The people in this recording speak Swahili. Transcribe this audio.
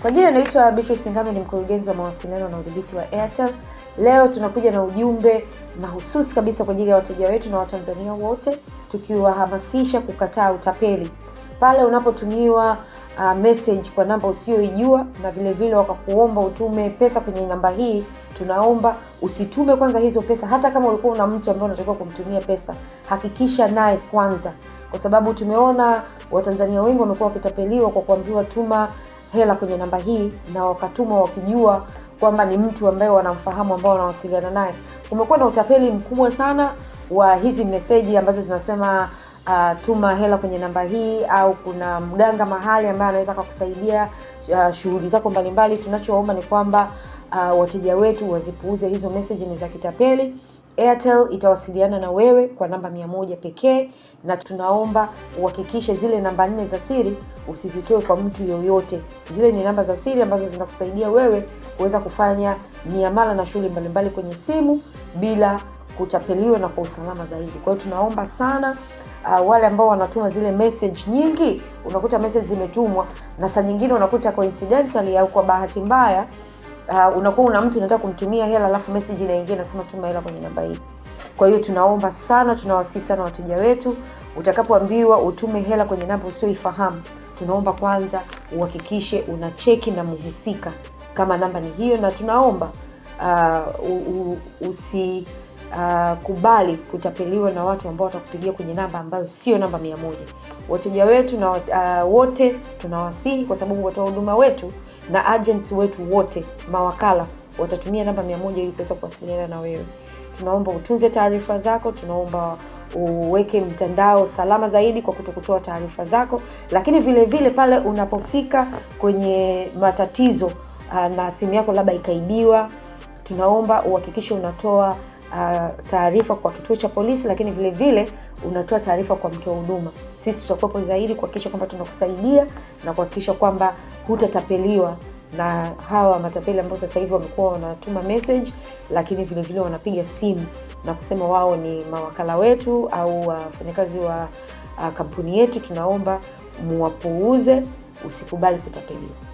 Kwa jina naitwa Beatrice Ngame, ni mkurugenzi wa mawasiliano na udhibiti wa Airtel. Leo tunakuja na ujumbe mahususi kabisa kwa ajili ya wateja wetu na Watanzania wote, tukiwahamasisha kukataa utapeli pale unapotumiwa uh, message kwa namba usiyoijua na vile vile wakakuomba utume pesa kwenye namba hii, tunaomba usitume kwanza hizo pesa. Hata kama ulikuwa una mtu ambaye unatakiwa kumtumia pesa, hakikisha naye kwanza, kwa sababu tumeona Watanzania wengi wamekuwa wakitapeliwa kwa kuambiwa tuma hela kwenye namba hii na wakatuma wakijua kwamba ni mtu ambaye wanamfahamu ambao wanawasiliana naye. Kumekuwa na utapeli mkubwa sana wa hizi meseji ambazo zinasema uh, tuma hela kwenye namba hii au kuna mganga mahali ambaye anaweza kakusaidia uh, shughuli zako mbalimbali. Tunachoomba ni kwamba uh, wateja wetu wazipuuze hizo meseji, ni za kitapeli. Airtel itawasiliana na wewe kwa namba mia moja pekee, na tunaomba uhakikishe zile namba nne za siri usizitoe kwa mtu yoyote. Zile ni namba za siri ambazo zinakusaidia wewe kuweza kufanya miamala na shughuli mbalimbali kwenye simu bila kutapeliwa na kwa usalama zaidi. Kwa hiyo tunaomba sana uh, wale ambao wanatuma zile message nyingi, unakuta message zimetumwa na saa nyingine unakuta coincidentally au kwa bahati mbaya uh, unakuwa una mtu unataka kumtumia hela alafu message inaingia nasema tuma hela kwenye namba hii. Kwa hiyo tunaomba sana, tunawasihi sana wateja wetu, utakapoambiwa utume hela kwenye namba usioifahamu, tunaomba kwanza uhakikishe una cheki na mhusika kama namba ni hiyo, na tunaomba ah, uh, usikubali ah, uh, kutapeliwa na watu ambao watakupigia kwenye namba ambayo sio namba mia moja. Wateja wetu na uh, wote tunawasihi, kwa sababu watoa huduma wetu na agents wetu wote mawakala watatumia namba mia moja ili kuweza kuwasiliana na wewe. Tunaomba utunze taarifa zako, tunaomba uweke mtandao salama zaidi kwa kutokutoa taarifa zako, lakini vile vile pale unapofika kwenye matatizo ah, na simu yako labda ikaibiwa, tunaomba uhakikishe unatoa Uh, taarifa kwa kituo cha polisi, lakini vile vile unatoa taarifa kwa mtoa huduma. Sisi tutakuwepo zaidi kuhakikisha kwamba tunakusaidia na kuhakikisha kwamba hutatapeliwa na hawa matapeli ambao sasa hivi wamekuwa wanatuma message, lakini vile vile wanapiga simu na kusema wao ni mawakala wetu au wafanyakazi wa uh, kampuni yetu, tunaomba muwapuuze, usikubali kutapeliwa.